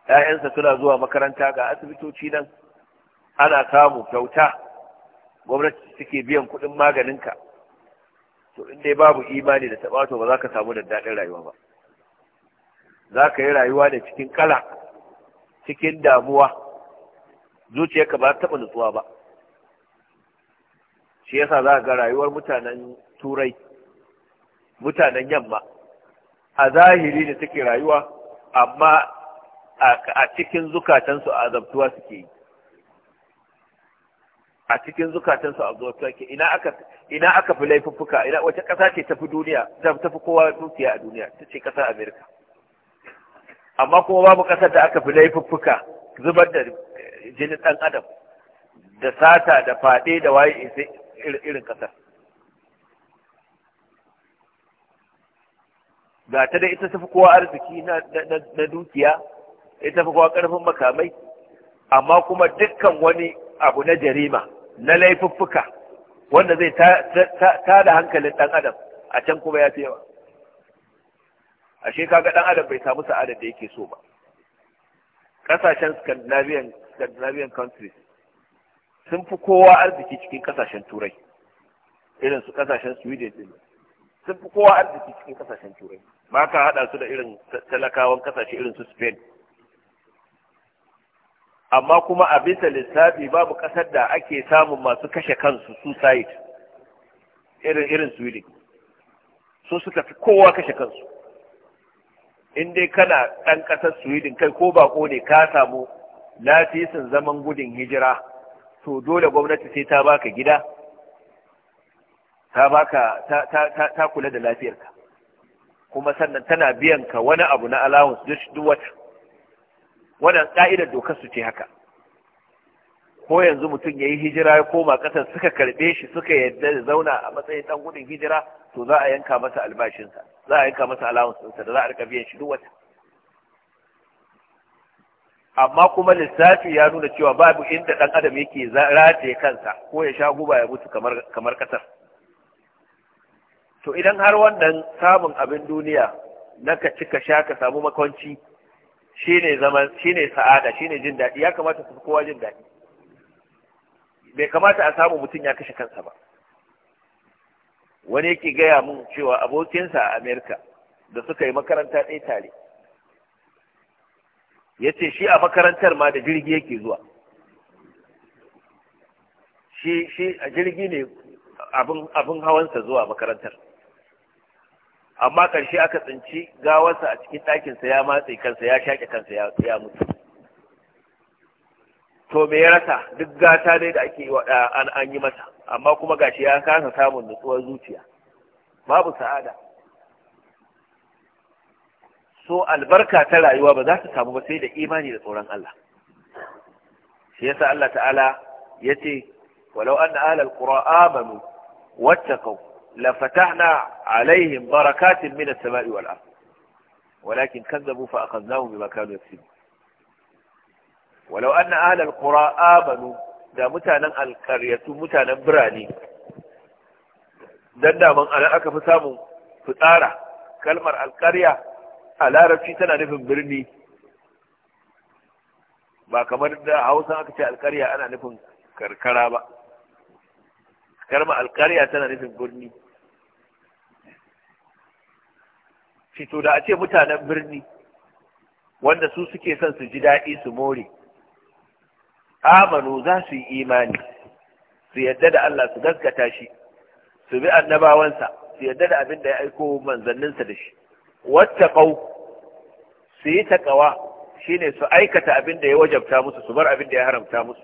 ‘ya'yansa suna zuwa makaranta ga asibitoci nan ana samu kyauta gwamnati suke biyan kuɗin maganinka to in dai babu imani da tabato ba za ka samu daddaɗin rayuwa ba za ka yi rayuwa da cikin kala cikin damuwa zuciyarka ba ta taɓa nutsuwa ba shi yasa za ga rayuwar mutanen turai mutanen yamma a zahiri da suke rayuwa amma a cikin zukatansu a zabtuwa suke yi a cikin zukatansu a zabtuwa ke ina aka ina aka fi laifuffuka ina wace kasa ce tafi duniya tafi kowa dukiya a duniya ta ce kasar amerika amma kuma babu kasar da aka fi laifuffuka zubar da jinin dan adam da sata da fade da waye irin ƙasar ga ta da ita tafi kowa arziki na dukiya ita tafi kowa ƙarfin makamai amma kuma dukkan wani abu na jarima na laifuffuka wanda zai ta da hankalin ɗan adam a can kuma ya fi yawa ashe kaga ɗan adam bai samu sa'adar da yake so ba ƙasashen scandinavian countries sun fi kowa arziki cikin kasashen turai irin su kasashen sweden din sun fi kowa arziki cikin kasashen turai ba ka haɗa su da irin talakawan kasashe irin su spain amma kuma a bisa lissafi babu ƙasar da ake samun masu kashe kansu suicide irin irin sweden su suka fi kowa kashe kansu in dai kana ɗan ƙasar sweden kai ko bako ne ka samu lasisin zaman gudun hijira to dole gwamnati sai ta baka gida ta baka ta ta ta kula da lafiyarka kuma sannan tana biyan ka wani abu na allowance duk wata wannan ka'idar dokar su ce haka ko yanzu mutum ya yi hijira ya koma ƙasar suka karɓe shi suka yadda da zauna a matsayin ɗan gudun hijira to za a yanka masa albashinsa za a yanka masa alawansinsa da za a rika biyan shi duk wata amma kuma lissafi ya nuna cewa babu inda ɗan adam yake rataye kansa ko ya sha guba ya mutu kamar ƙasar to idan har wannan samun abin duniya na ka cika, sha ka samu makonci shine zaman shine sa'ada shine jin daɗi ya kamata su kowa jin daɗi bai kamata a samu mutum ya kashe kansa ba wani yake gaya mun cewa abokinsa a amerika da suka yi makaranta ɗaya tare ya ce shi a makarantar ma da jirgi yake zuwa shi shi a jirgi ne abin hawansa zuwa makarantar amma ƙarshe aka tsinci gawarsa a cikin ɗakinsa ya matse kansa ya shaƙe kansa ya mutu to me ya rasa duk gata dai da ake an yi masa amma kuma gashi ya kasa samun nutsuwar zuciya babu sa'ada so albarka ta rayuwa ba za ta samu ba sai da imani da tsoron Allah shi yasa Allah ta'ala yace walau anna ahlal alqura amanu wattaqu la fatahna alaihim barakatin min as-sama'i wal ard walakin kazzabu fa akhadnahum bima kanu yaksibun walau anna ahlal alqura amanu da mutanen alqaryatu mutanen birane dan da man aka fi samu fitsara kalmar alqarya a larabci tana nufin birni ba kamar da hausa aka ce alƙarya ana nufin karkara ba karma alƙarya tana nufin birni fito da a ce mutanen birni wanda su suke son su ji daɗi su more amano za su yi imani su yadda da Allah su gaskata shi su bi annabawansa su yadda da abin da ya aiko manzanninsa da shi wattaqau su yi shi shine su aikata abin da ya wajabta musu su bar abin da ya haramta musu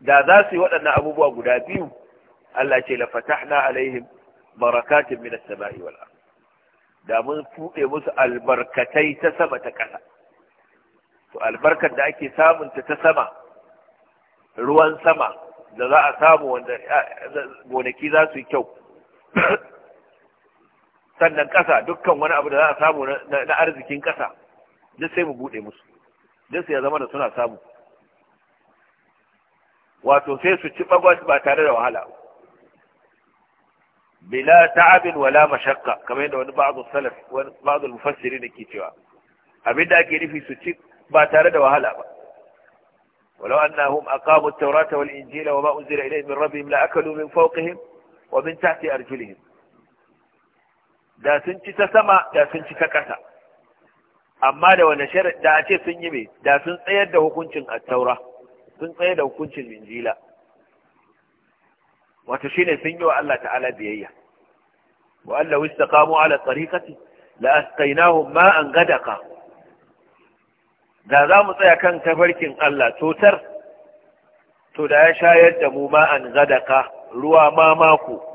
da za su yi waɗannan abubuwa guda biyu Allah ce la fatahna alaihim barakatin min as-sama'i wal da mun fuɗe musu albarkatai ta sama ta ƙasa to albarkar da ake samunta ta sama ruwan sama da za a samu wanda gonaki za su yi kyau sannan kasa dukkan wani abu da za a samu na arzikin kasa duk sai mu bude musu duk sai ya zama da suna samu wato sai su ci bagwas ba tare da wahala bila ta'abin wala mashakka kamar yadda wani ba'dhu salaf wani ba'dhu mufassiri da ke cewa abin da ake nufi su ci ba tare da wahala ba ولو أنهم أقاموا التوراة والإنجيل وما أنزل إليهم من ربهم لأكلوا من فوقهم ومن تحت أرجلهم da sun ci ta sama da sun ci ta ƙasa amma da wani sharaɗi da a ce sun yi mai da sun tsayar da hukuncin attaura sun tsayar da hukuncin injila shi shine sun yi wa Allah ta'ala biyayya wa Allah kamo ala kati. la asqainahum ma'an gadaka da za mu tsaya kan tafarkin Allah totar to da ya shayar da mu ma ma'an gadaka ruwa mako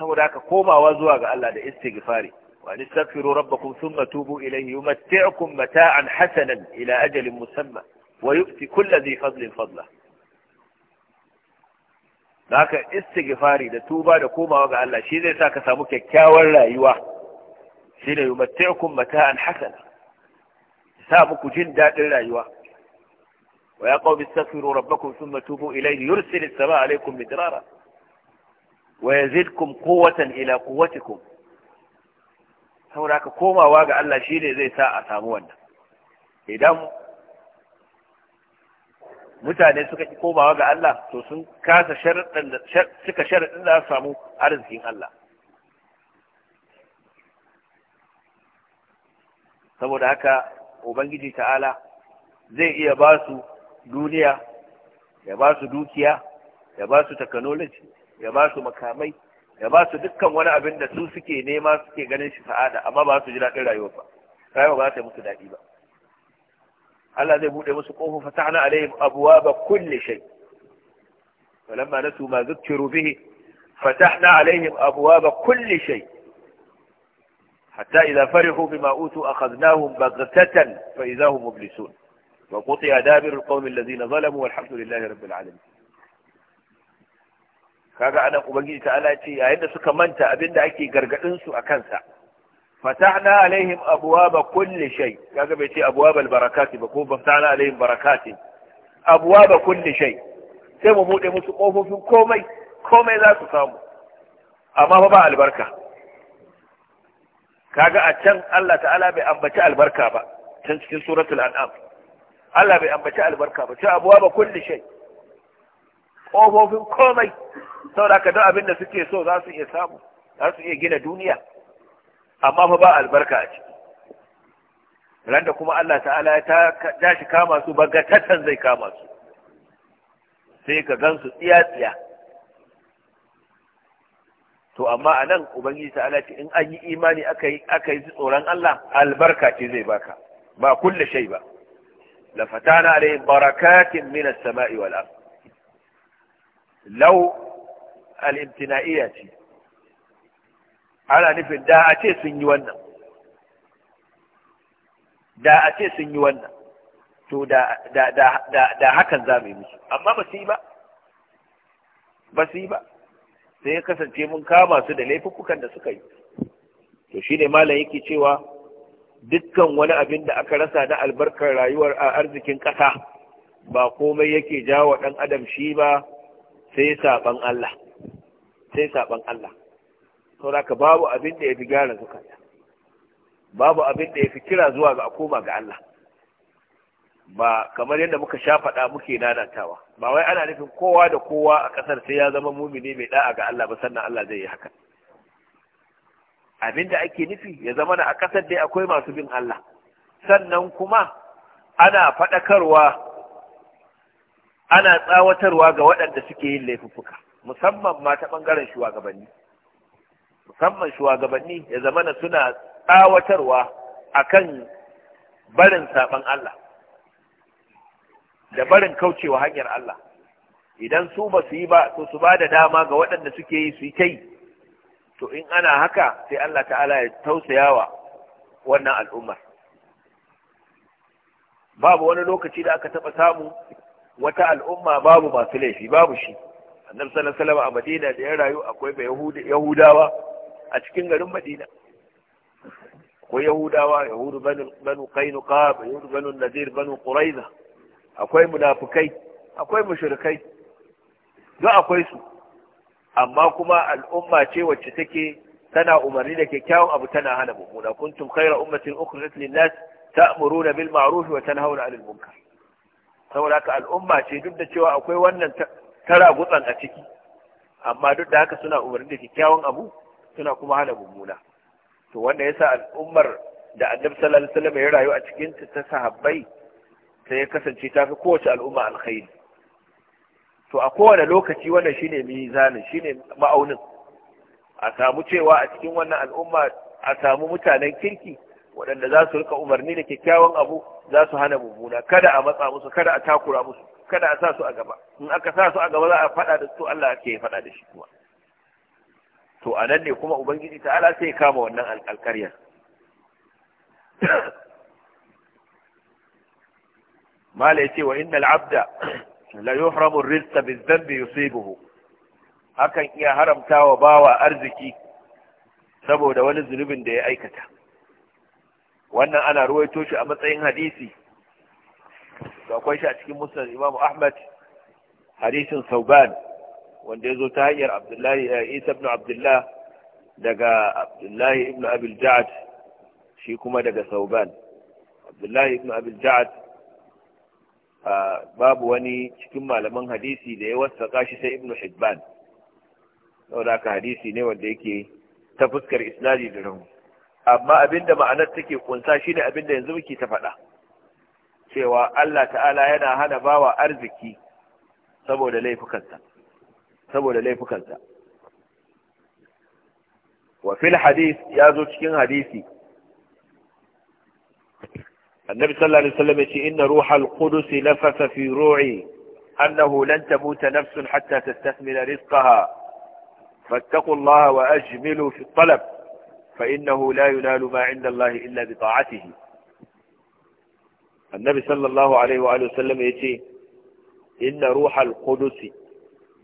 saboda haka komawa zuwa ga Allah da istighfari wa nastaghfiru rabbakum thumma tubu ilayhi yumatti'ukum mata'an hasanan ila ajalin musamma wa yu'ti kulli dhi fadlin fadla haka istighfari da tuba da komawa ga Allah shi zai sa ka samu kyakkyawar rayuwa shi ne yumatti'ukum mata'an hasana sa muku jin dadin rayuwa wa ya qawmi istaghfiru rabbakum thumma tubu ilayhi yursilis samaa alaykum midrara wa yazidkum quwwatan ila quwwatikum saboda komawa ga Allah shi ne zai sa a samu wannan idan mutane suka ki komawa ga Allah to sun kasa sharaɗin da suka sharaɗin da samu arzikin Allah saboda haka ubangiji ta'ala zai iya ba su duniya ya ba su dukiya ya ba su technology ya ba su makamai ya ba su dukkan wani abin da su suke nema suke ganin shi sa'ada amma ba su ji daɗin rayuwar ba rayuwa ba ta musu daɗi ba Allah zai buɗe musu ƙofu fatahna alaihim abwaba kulli shay falamma nasu ma zukkiru bihi fatahna alaihim abwaba kulli shay hatta idza farihu bima utu akhadnahum baghtatan fa idza hum mublisun وقطع دابر القوم الذين ظلموا والحمد لله رب العالمين kaga anan ubangiji ta'ala ce yayin da suka manta abin da ake gargadin su a kansa fatahna alaihim abwaba kulli shay kaga bai ce abwabal barakati ba ko fatahna alaihim barakati abwaba kulli shay sai mu bude musu kofofin komai komai za su samu amma ba albarka kaga a can Allah ta'ala bai ambaci albarka ba can cikin suratul an'am Allah bai ambaci albarka ba ce abwaba kulli shay ƙofofin komai saboda haka don abin da suke so za su iya samu za su iya gina duniya amma ba albarka a ciki ran kuma Allah ta'ala ya ta shi kama su tattan zai kama su sai ka gansu tsiya tsiya to amma a nan ubangiji ta'ala ce in an yi imani aka yi tsoron Allah albarka ce zai baka ba kulle shai ba lafatana fatana alaihim barakatin minas sama'i wal lau al'imtina'iyya ce ana nufin da a ce sun yi wannan da a ce sun yi wannan to da hakan za mu yi musu amma ba su yi ba ba su yi ba sai ya kasance mun kama su da laifukan da suka yi to shi ne malam yake cewa dukkan wani abin da aka rasa na albarkar rayuwar a arzikin ƙasa ba komai yake jawo ɗan adam shi ba sai saban Allah sai saban Allah sauraka babu abin da ya fi gyara zukata babu abin da ya fi kira zuwa ga akoma ga Allah ba kamar yadda muka sha faɗa muke nanatawa ba wai ana nufin kowa da kowa a ƙasar sai ya zama mumini mai ɗa'a ga Allah ba sannan Allah zai yi haka abin da ake nufi ya zama na a ƙasar dai akwai masu bin Allah sannan kuma ana faɗakarwa ana tsawatarwa ga waɗanda suke yin laifuffuka musamman ma ta ɓangaren shugabanni musamman shugabanni ya zamana suna tsawatarwa a kan barin saɓan Allah da barin kaucewa hanyar Allah idan su ba su yi ba to su ba da dama ga waɗanda suke yi su yi ta yi to in ana haka sai Allah ta'ala ya tausaya wa wannan al'ummar babu wani lokaci da aka taɓa samu wata al'umma babu masu laifi babu shi annabi sallallahu alaihi a madina da ya rayu akwai ba yahudawa a cikin garin madina akwai yahudawa yahudu banu qainuqa yahudu banu nadir banu quraiza akwai munafukai akwai mushrikai duk akwai su amma kuma al'umma ce wacce take tana umarni da kyakkyawan abu tana hana mummuna kuntum khayra ummatin ukhrijat lin-nas ta'muruna bil ma'ruf wa tanhauna 'anil munkar saboda haka al'umma ce duk da cewa akwai wannan tara gutsan a ciki amma duk da haka suna umarni da kyakkyawan abu suna kuma hana mummuna to wanda yasa al'ummar da annabi sallallahu alaihi wasallam ya rayu a cikin ta sahabbai sai ya kasance ta fi kowace al'umma alkhairi to a kowane lokaci wannan shine mizanin shine ma'aunin a samu cewa a cikin wannan al'umma a samu mutanen kirki waɗanda za su rika umarni da kyakkyawan abu za su hana mummuna kada a matsa musu kada a takura musu kada a sa su a gaba in aka sa su a gaba za a faɗa da su Allah ke faɗa da shi kuma to a nan ne kuma ubangiji ta Ala sai kama wannan alƙarƙaryar mala yace wa innal abda la yuhramu ar-rizqa bi yusibuhu akan iya haramtawa bawa arziki saboda wani zunubin da ya aikata wannan ana ruwaito shi a matsayin hadisi da akwai shi a cikin musnad Imam Ahmad hadisin Sauban wanda ya zo ta hanyar Abdullahi eh, Isa ibn Abdullah daga Abdullahi ibn Abil Ja'ad shi kuma daga Sauban Abdullahi ibn Abil Ja'ad babu wani cikin malaman hadisi da ya wasaka shi sai Ibn Hibban saboda ka hadisi ne wanda yake ta fuskar isnadi da rauni amma abinda ma'anar take kunsa shine abinda yanzu muke ta faɗa cewa Allah ta'ala yana hana bawa arziki saboda laifukansa saboda laifukansa wa fil hadith ya zo cikin hadisi annabi sallallahu alaihi wasallam وسلم يقول إن روح القدس نفث في روعي أنه لن تموت نفس حتى تستثمل رزقها فاتقوا الله وأجملوا في الطلب فإنه لا ينال ما عند الله إلا بطاعته النبي صلى الله عليه وآله وسلم يتي إن روح القدس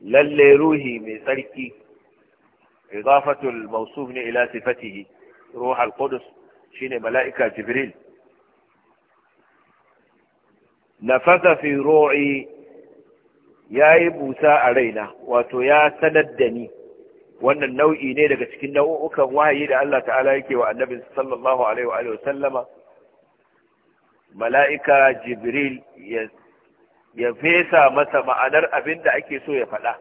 للي روحي من سركي إضافة الموصوف إلى صفته روح القدس شين ملائكة جبريل نفذ في روعي يا يبوسى علينا وتيا سندني wannan nau'i ne daga cikin nau'ukan wahayi da Allah ta'ala yake wa annabi sallallahu alaihi wa sallama mala'ika jibril ya fesa masa ma'anar abin da ake so ya faɗa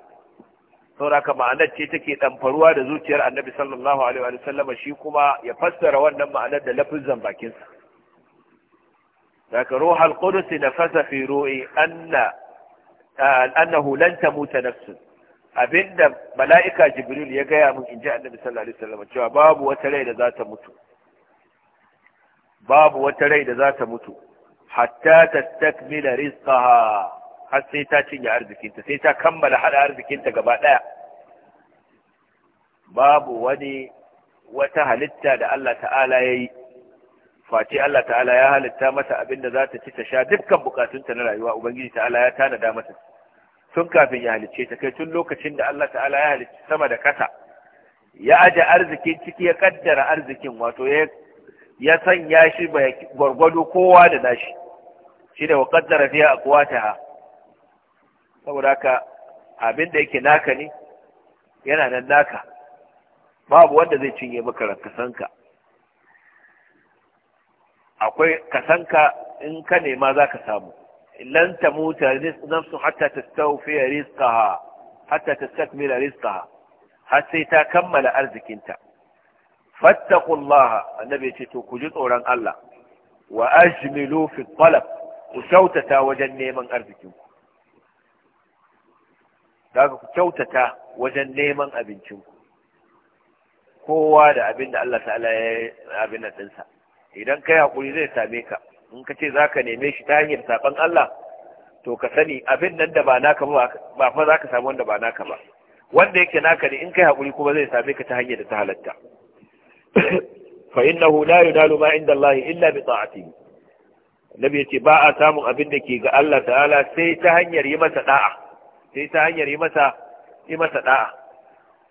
sauraka ma'anar ce take ɗanfaruwa da zuciyar annabi sallallahu alaihi wa sallama shi kuma ya fassara wannan ma'anar da lafizan bakinsa daga ruhal na nafasa fi ru'i anna annahu lan tamuta nafsun abinda mala'ika jibril ya gaya mun in ji annabi sallallahu alaihi wasallam cewa babu wata rai da za ta mutu babu wata rai da za ta mutu hatta ta takmila rizqaha har sai ta cinye arzikinta sai ta kammala hada arzikinta gaba daya babu wani wata halitta da Allah ta'ala ya yi Allah ta'ala ya halitta mata abinda da za ta ci ta sha dukkan bukatunta na rayuwa ubangiji ta'ala ya tanada mata tun kafin ya halicce ta kai tun lokacin da Allah ta'ala ya halicce sama da kasa ya aje arzikin ciki ya kaddara arzikin wato ya ya sanya shi gwargwado kowa da nashi shi da wa kaddara fiya aqwataha saboda ka abin da yake naka ne yana nan naka babu wanda zai cinye maka rankasanka akwai kasanka in ka nema za ka samu lan tamuta nafsu hatta tastawfiya rizqaha hatta tastakmila rizqaha har sai ta kammala arzikinta fattaqullaha annabi ce to ku ji tsoron Allah wa ajmilu fi talab ku kyautata wajen neman arzikinku daga ku kyautata wajen neman abincinku kowa da abin da Allah ta'ala ya abin nan ɗinsa idan kai hakuri zai same ka in ka ce za ka neme shi ta hanyar saɓan Allah to ka sani abin nan da ba naka ba ba fa za ka samu wanda ba naka ba wanda yake naka ne in kai haƙuri kuma zai same ka ta hanyar da ta halatta fa innahu la yunalu ma inda Allah illa bi ta'atihi nabi yace ba a samun abin da ke ga Allah ta'ala sai ta hanyar yi masa da'a sai ta hanyar yi masa yi masa da'a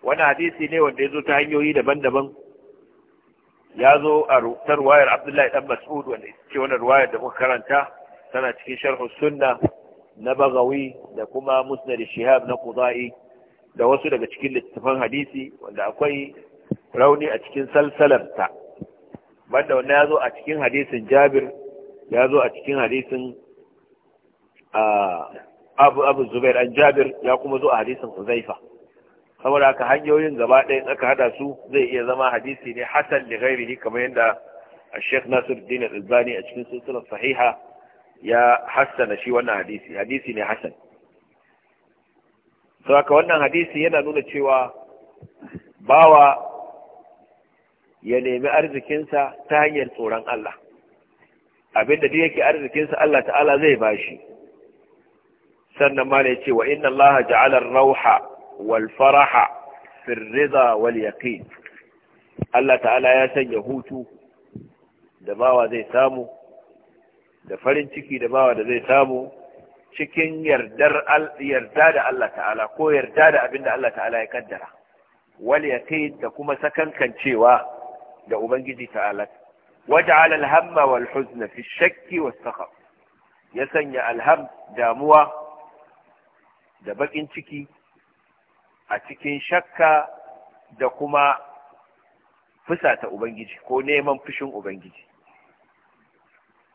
wannan hadisi ne wanda ya zo ta hanyoyi daban-daban ya zo a rutar wayar abdullahi dan mas'ud wanda ce wannan ruwayar da muka karanta tana cikin sharhu sunna na bagawi da kuma musnad shihab na qudai da wasu daga cikin littafan hadisi wanda akwai rauni a cikin salsalarta banda wanda ya zo a cikin hadisin jabir ya zo a cikin hadisin ah, abu abu zubair an jabir ya kuma zo a hadisin huzaifa saboda haka hanyoyin gaba ɗaya aka hada su zai iya zama hadisi ne hasan da ghairihi kamar yadda Sheikh Nasiruddin Al-Albani a cikin sunan sahiha ya hasana shi wannan hadisi hadisi ne hasan saboda wannan hadisi yana nuna cewa bawa ya nemi arzikinsa ta hanyar tsoron Allah abinda duk yake arzikinsa Allah ta'ala zai bashi sannan ma ne ce wa inna Allah ja'ala ar-rauha والفرح في الرضا واليقين Allah ta'ala ya sanya hutu da bawa zai samu da farin ciki da bawa da zai samu cikin yarda da Allah ta'ala ko yarda da abin da Allah ta'ala ya kaddara wal yaqin da kuma sakankancewa da ubangiji ta'ala waj'al al alhamma wal huzn fi shakki was sakhab ya sanya alham damuwa da bakin ciki a cikin shakka da kuma fusata ubangiji ko neman fushin ubangiji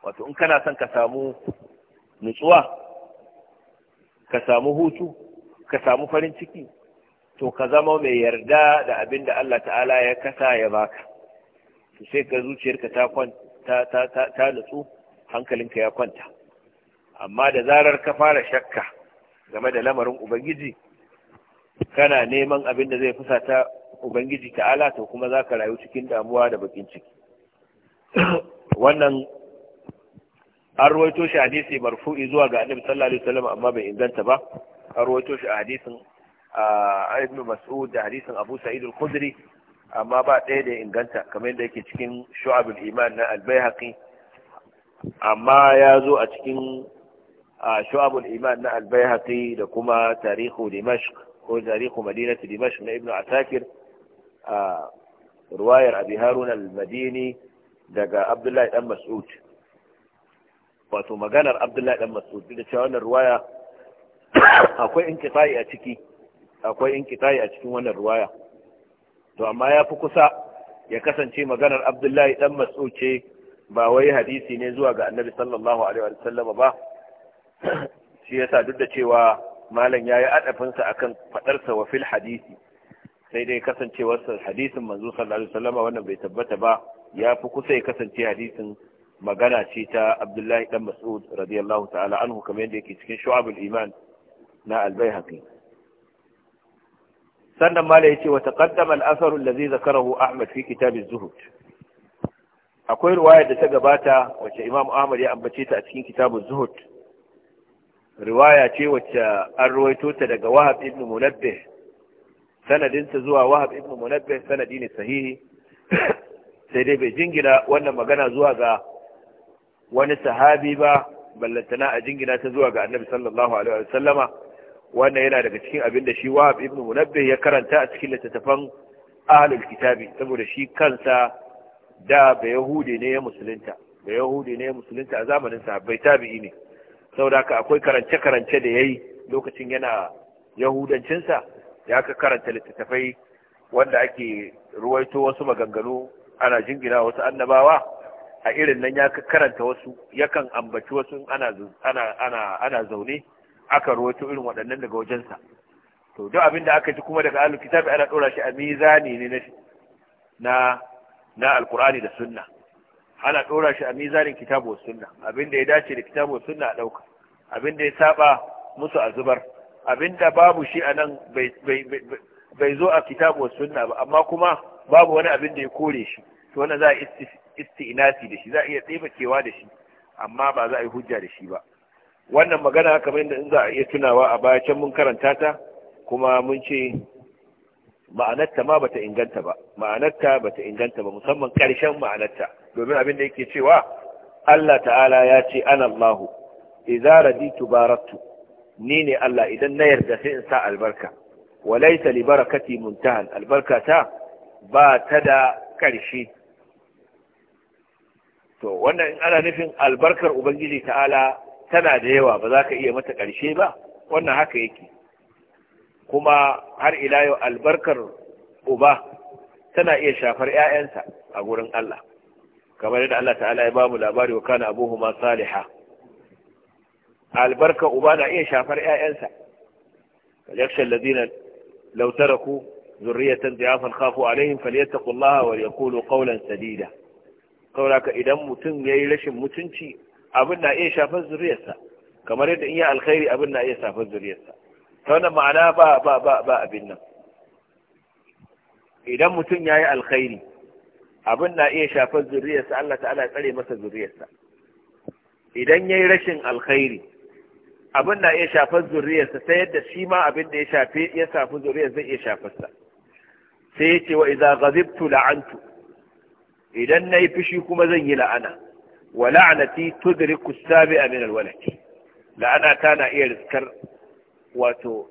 wato in kana son ka samu nutsuwa ka samu hutu ka samu farin ciki to ka zama mai yarda da abin da Allah ta'ala ya kasa ya baka to sai ka zuciyarka ta ta nutsu hankalinka ya kwanta amma da zarar ka fara shakka game da lamarin ubangiji kana neman abin da zai fusata ubangiji ta'ala to kuma za ka rayu cikin damuwa da bakin ciki wannan an ruwaito shi hadisi marfu'i zuwa ga annabi sallallahu alaihi wasallam amma bai inganta ba an ruwaito shi hadisin ibn mas'ud da hadisin abu sa'id al-khudri amma ba ɗaya da inganta kamar yadda yake cikin shu'abul iman na al-baihaqi amma ya zo a cikin shu'abul iman na al-baihaqi da kuma tarihu dimashq ko tarihu madinati dimash na ibnu asakir a ruwayar abi Haruna, al-madini daga abdullahi dan mas'ud wato maganar abdullahi dan mas'ud da cewa wannan ruwaya akwai inkitai a ciki akwai inkitai a cikin wannan ruwaya to amma ya fi kusa ya kasance maganar abdullahi dan mas'ud ce ba wai hadisi ne zuwa ga annabi sallallahu alaihi wa sallama ba shi yasa duk da cewa malam yayi adafinsa akan faɗarsa wa fil hadisi sai dai kasancewarsa hadisin manzo sallallahu alaihi wasallam wannan bai tabbata ba ya fi kusa ya kasance hadisin magana ce ta Abdullahi dan Mas'ud radiyallahu ta'ala anhu kamar yadda yake cikin shu'abul iman na al sannan mala yace wa taqaddama al-athar alladhi zakarahu Ahmad fi kitab az-zuhd akwai riwaya da ta gabata wacce Imam Ahmad ya ambace ta a cikin kitab az riwaya ce wacce an ruwaito ta daga wahab ibn munabbih Sanadinta zuwa wahab ibn munabbih sanadi ne sahihi sai dai bai jingina wannan magana zuwa ga wani sahabi ba ballantana a jingina ta zuwa ga annabi sallallahu alaihi wa wannan yana daga cikin abin da shi wahab ibn munabbih ya karanta a cikin littattafan ahlul kitabi saboda shi kansa da ba yahudi ne ya musulunta ba yahudi ne ya musulunta a zamanin sahabbai tabi'i ne saboda haka akwai karance-karance da ya yi lokacin yana yahudancinsa ya ka karanta littattafai wanda ake ruwaito wasu maganganu ana jingina wasu annabawa a irin nan ya ka karanta wasu yakan ambaci wasu ana zaune aka ruwaito irin waɗannan daga wajensa to duk abin da aka ji kuma daga ahlul ana ɗora shi a mizani ne na na alkur'ani da sunna ana ɗora shi a mizanin kitabu sunna abinda ya dace da kitabu sunna a ɗauka abinda ya saba musu a zubar abinda babu shi a nan bai zo a kitabu sunna ba amma kuma babu wani abin da ya kore shi to wannan za a isti'nasi da shi za a iya kewa da shi amma ba za a yi hujja da shi ba wannan magana kamar yadda in za a iya tunawa a baya can mun karanta ta kuma mun ce ma'anarta ma bata inganta ba ma'anarta bata inganta ba musamman ƙarshen ma'anarta domin abin da yake cewa Allah ta'ala ya ce ana Allahu idza raditu baratu. ni ne Allah idan na yarda sai in sa albarka wa laysa li barakati muntahan albarkata ba ta da ƙarshe to wannan in ana nufin albarkar ubangiji ta'ala tana da yawa ba za ka iya mata ƙarshe ba wannan haka yake kuma har ila yau albarkar uba tana iya shafar 'ya'yansa a gurin Allah kamar yadda Allah ta'ala ya bamu labari wa kana abuhuma salihah albarka uba na iya shafar ƴaƴansa yakhsha alladhina law taraku zurriyatan dhiyafan khafu alaihim falyattaqullaha wa yaqulu qawlan sadida saboda idan mutum yayi rashin mutunci abin na iya shafar zuriyarsa kamar yadda in yi alkhairi abin na iya shafar zuriyarsa ta wannan ma'ana ba ba ba ba abin nan idan mutum ya yi alkhairi abin na iya shafar zuriyarsa Allah ta'ala ya tsare masa zuriyarsa idan yayi rashin alkhairi abin na iya shafar zuriyarsa ta yadda shi ma abin da ya shafe ya shafi zuriyar zai iya shafarsa sai ya ce wa idza ghadibtu la'antu idan nayi fushi kuma zan yi la'ana wa la'anati tudriku sabi'a min al-walad la'ana ta na iya riskar wato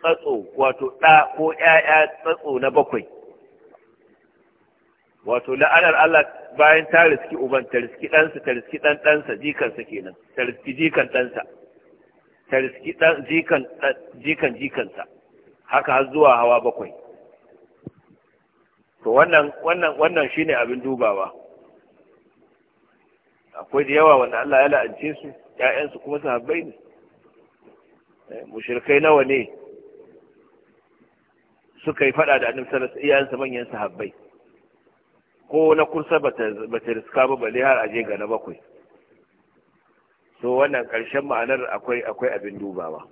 tsatso wato ɗa ko ƴaƴa tsatso na bakwai wato la'anar Allah bayan ta riski uban ta riski ɗansa ta riski ɗan ɗansa jikansa kenan ta riski jikan ɗansa ta riski ɗan jikan jikan jikansa haka har zuwa hawa bakwai to wannan wannan wannan shine abin dubawa akwai da yawa wanda Allah ya la'ance su ƴaƴansu kuma sahabbai ne eh, mushrikai nawa ne suka yi fada da annabi sallallahu alaihi wasallam iyayensa manyan sahabbai ko na kursa ba ta riska ba bale har aje ga na bakwai so wannan ƙarshen ma'anar akwai akwai abin dubawa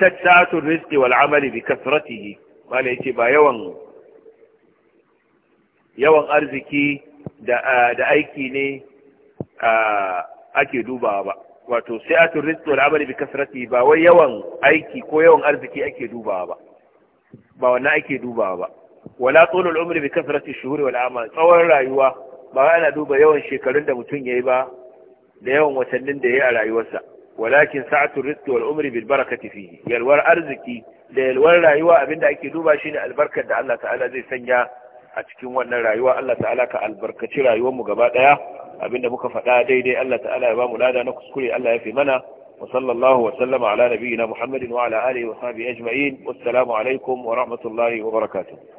ta sa'atu rizqi wal amali bi kasratihi mala yace ba yawan yawan arziki da da aiki ne ake dubawa ba wato sa'atu rizqi wal amali bi kasratihi ba wai yawan aiki ko yawan arziki ake dubawa ba ba wannan ake dubawa ba wala tsolul umri bi kasrati shuhuri wal amal tsawon rayuwa ba ana duba yawan shekarun da mutum ya yi ba da yawan watannin da ya yi a rayuwarsa walakin sa'atu rizqi wal umri bil barakati fihi yalwar arziki da yalwar rayuwa abinda ake duba shine albarkar da Allah ta'ala zai sanya a cikin wannan rayuwa Allah ta'ala ka albarkaci rayuwar mu gaba daya abinda muka faɗa daidai Allah ta'ala ya ba mu lada na kuskure Allah ya fi mana wa sallallahu wa sallama ala nabiyyina Muhammadin wa ala alihi wa sahbihi ajma'in wassalamu alaikum wa rahmatullahi wa barakatuh